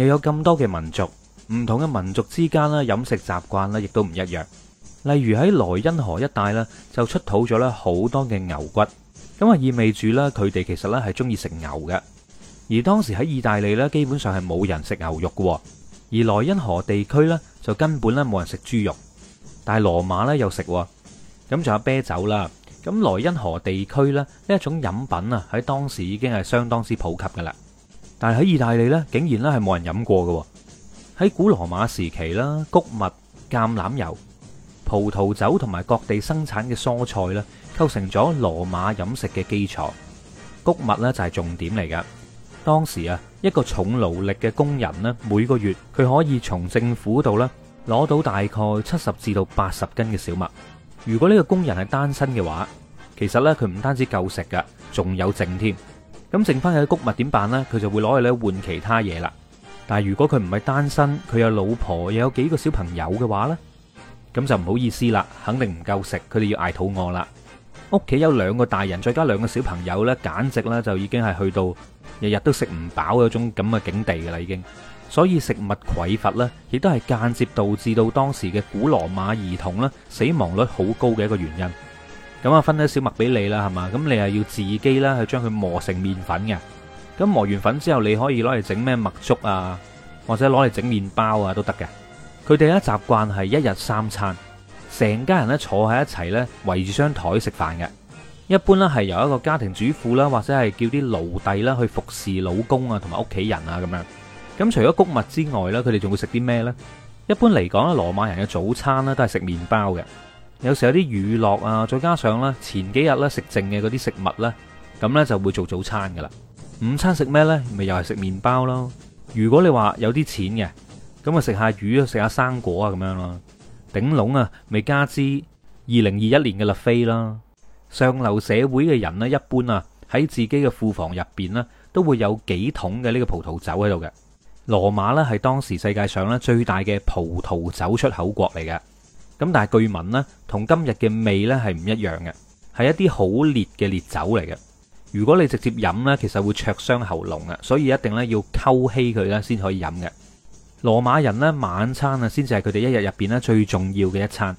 又有咁多嘅民族，唔同嘅民族之間呢飲食習慣呢亦都唔一樣。例如喺萊茵河一帶呢就出土咗呢好多嘅牛骨，咁啊意味住呢，佢哋其實呢係中意食牛嘅。而當時喺意大利呢基本上係冇人食牛肉嘅，而萊茵河地區呢就根本呢冇人食豬肉，但係羅馬呢又食，咁仲有啤酒啦。咁萊茵河地區呢呢一種飲品啊喺當時已經係相當之普及嘅啦。但係喺意大利咧，竟然咧係冇人飲過嘅。喺古羅馬時期啦，穀物、橄欖油、葡萄酒同埋各地生產嘅蔬菜咧，構成咗羅馬飲食嘅基礎。穀物咧就係重點嚟噶。當時啊，一個重勞力嘅工人咧，每個月佢可以從政府度咧攞到大概七十至到八十斤嘅小麥。如果呢個工人係單身嘅話，其實咧佢唔單止夠食噶，仲有剩添。咁剩翻佢嘅穀物點辦呢？佢就會攞去咧換其他嘢啦。但係如果佢唔係單身，佢有老婆又有幾個小朋友嘅話呢，咁就唔好意思啦，肯定唔夠食，佢哋要挨肚餓啦。屋企有兩個大人，再加兩個小朋友呢，簡直呢就已經係去到日日都食唔飽嗰種咁嘅境地噶啦，已經。所以食物匱乏呢，亦都係間接導致到當時嘅古羅馬兒童呢死亡率好高嘅一個原因。咁啊，分咗小麥俾你啦，係嘛？咁你係要自己啦，去將佢磨成麵粉嘅。咁磨完粉之後，你可以攞嚟整咩麥粥啊，或者攞嚟整麵包啊都得嘅。佢哋咧習慣係一日三餐，成家人咧坐喺一齊咧圍住張台食飯嘅。一般咧係由一個家庭主婦啦，或者係叫啲奴隸啦去服侍老公啊同埋屋企人啊咁樣。咁除咗穀物之外咧，佢哋仲會食啲咩呢？一般嚟講咧，羅馬人嘅早餐咧都係食麵包嘅。有時有啲娛樂啊，再加上咧，前幾日咧食剩嘅嗰啲食物咧，咁呢就會做早餐噶啦。午餐食咩呢？咪又係食麵包咯。如果你話有啲錢嘅，咁啊食下魚啊，食下生果啊咁樣咯。頂籠啊，咪加之二零二一年嘅立飛啦。上流社會嘅人呢，一般啊喺自己嘅庫房入邊呢，都會有幾桶嘅呢個葡萄酒喺度嘅。羅馬呢，係當時世界上咧最大嘅葡萄酒出口國嚟嘅。咁但係，據聞呢，同今日嘅味呢係唔一樣嘅，係一啲好烈嘅烈酒嚟嘅。如果你直接飲呢，其實會灼傷喉嚨嘅，所以一定咧要溝稀佢咧先可以飲嘅。羅馬人呢，晚餐啊，先至係佢哋一日入面咧最重要嘅一餐，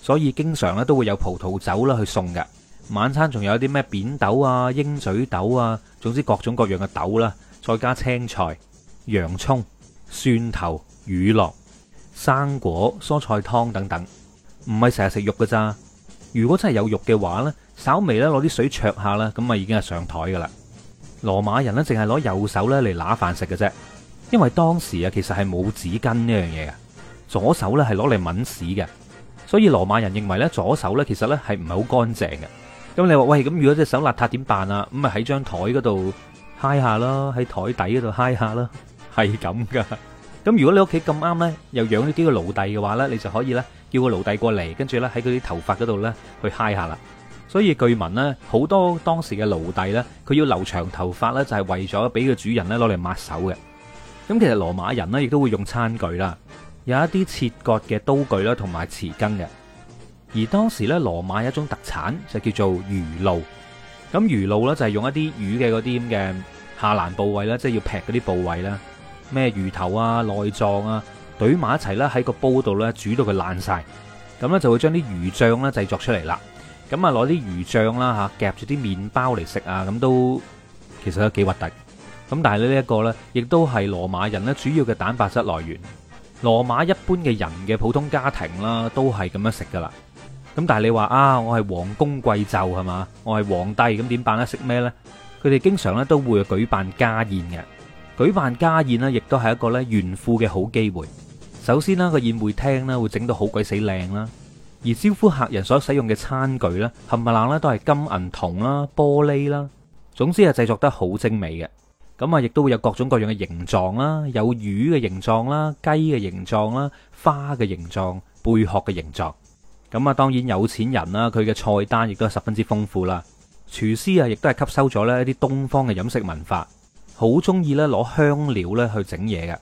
所以經常咧都會有葡萄酒啦去送嘅。晚餐仲有啲咩扁豆啊、鷹嘴豆啊，總之各種各樣嘅豆啦，再加青菜、洋葱、蒜頭、乳酪。生果、蔬菜湯等等，唔係成日食肉嘅咋。如果真係有肉嘅話呢，稍微咧攞啲水焯下啦，咁啊已經係上台噶啦。羅馬人呢淨係攞右手咧嚟拿飯食嘅啫，因為當時啊其實係冇紙巾呢樣嘢嘅，左手呢係攞嚟抦屎嘅，所以羅馬人認為咧左手呢其實咧係唔係好乾淨嘅。咁你話喂，咁如果隻手邋遢點辦啊？咁咪喺張台嗰度嗨下啦，喺台底嗰度嗨下啦，係咁噶。咁如果你屋企咁啱呢，又養咗幾個奴隸嘅話呢，你就可以呢，叫個奴隸過嚟，跟住呢，喺佢啲頭髮嗰度呢，去嗨下啦。所以據聞呢，好多當時嘅奴隸呢，佢要留長頭髮呢，就係為咗俾個主人呢攞嚟抹手嘅。咁其實羅馬人呢，亦都會用餐具啦，有一啲切割嘅刀具啦，同埋匙羹嘅。而當時呢，羅馬有一種特產就叫做魚露。咁魚露呢，就係用一啲魚嘅嗰啲咁嘅下欄部位呢，即係要劈嗰啲部位呢。咩魚頭啊、內臟啊，懟埋一齊啦，喺個煲度咧煮到佢爛晒，咁咧就會將啲魚醬咧製作出嚟啦。咁啊攞啲魚醬啦吓，夾住啲麵包嚟食啊，咁都其實都幾核突。咁但係呢一個呢，亦都係羅馬人咧主要嘅蛋白質來源。羅馬一般嘅人嘅普通家庭啦，都係咁樣食噶啦。咁但係你話啊，我係皇宮貴胄係嘛，我係皇帝，咁點辦呢？食咩呢？佢哋經常咧都會舉辦家宴嘅。舉辦家宴咧，亦都係一個咧炫富嘅好機會。首先啦，個宴會廳咧會整到好鬼死靚啦，而招呼客人所使用嘅餐具咧，冚唪唥咧都係金銀銅啦、玻璃啦，總之係製作得好精美嘅。咁啊，亦都會有各種各樣嘅形狀啦，有魚嘅形狀啦、雞嘅形狀啦、花嘅形狀、貝殼嘅形狀。咁啊，當然有錢人啦，佢嘅菜單亦都係十分之豐富啦。廚師啊，亦都係吸收咗咧一啲東方嘅飲食文化。好中意咧攞香料咧去整嘢嘅，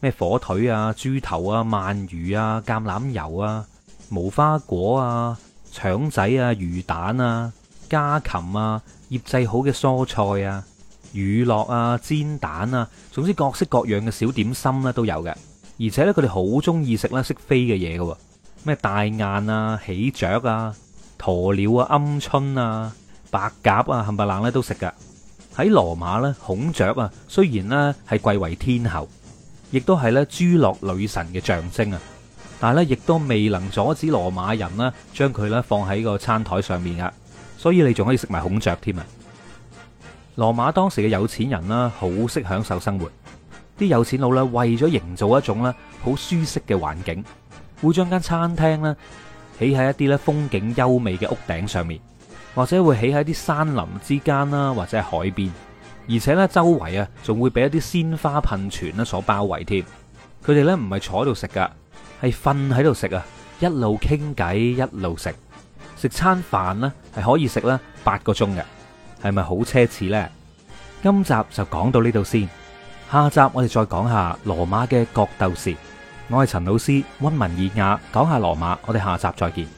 咩火腿啊、豬頭啊、鰻魚啊、橄欖油啊、無花果啊、腸仔啊、魚蛋啊、家禽啊、醃製好嘅蔬菜啊、乳酪啊、煎蛋啊，總之各式各樣嘅小點心咧都有嘅。而且咧佢哋好中意食咧識飛嘅嘢嘅喎，咩大雁啊、喜鵲啊、鴕鳥啊、鵪鶉啊、白鴿啊，冚唪唥咧都食嘅。喺羅馬咧，孔雀啊，雖然咧係貴為天后，亦都係咧朱諾女神嘅象徵啊，但係咧亦都未能阻止羅馬人咧將佢咧放喺個餐台上面噶，所以你仲可以食埋孔雀添啊！羅馬當時嘅有錢人啦，好識享受生活，啲有錢佬啦，為咗營造一種咧好舒適嘅環境，會將間餐廳咧起喺一啲咧風景優美嘅屋頂上面。或者會起喺啲山林之間啦，或者係海邊，而且咧周圍啊仲會俾一啲鮮花噴泉咧所包圍添。佢哋咧唔係坐喺度食噶，係瞓喺度食啊，一路傾偈一路食。食餐飯呢係可以食啦八個鐘嘅，係咪好奢侈呢？今集就講到呢度先，下集我哋再講下羅馬嘅角鬥士。我係陳老師溫文爾雅，講下羅馬，我哋下集再見。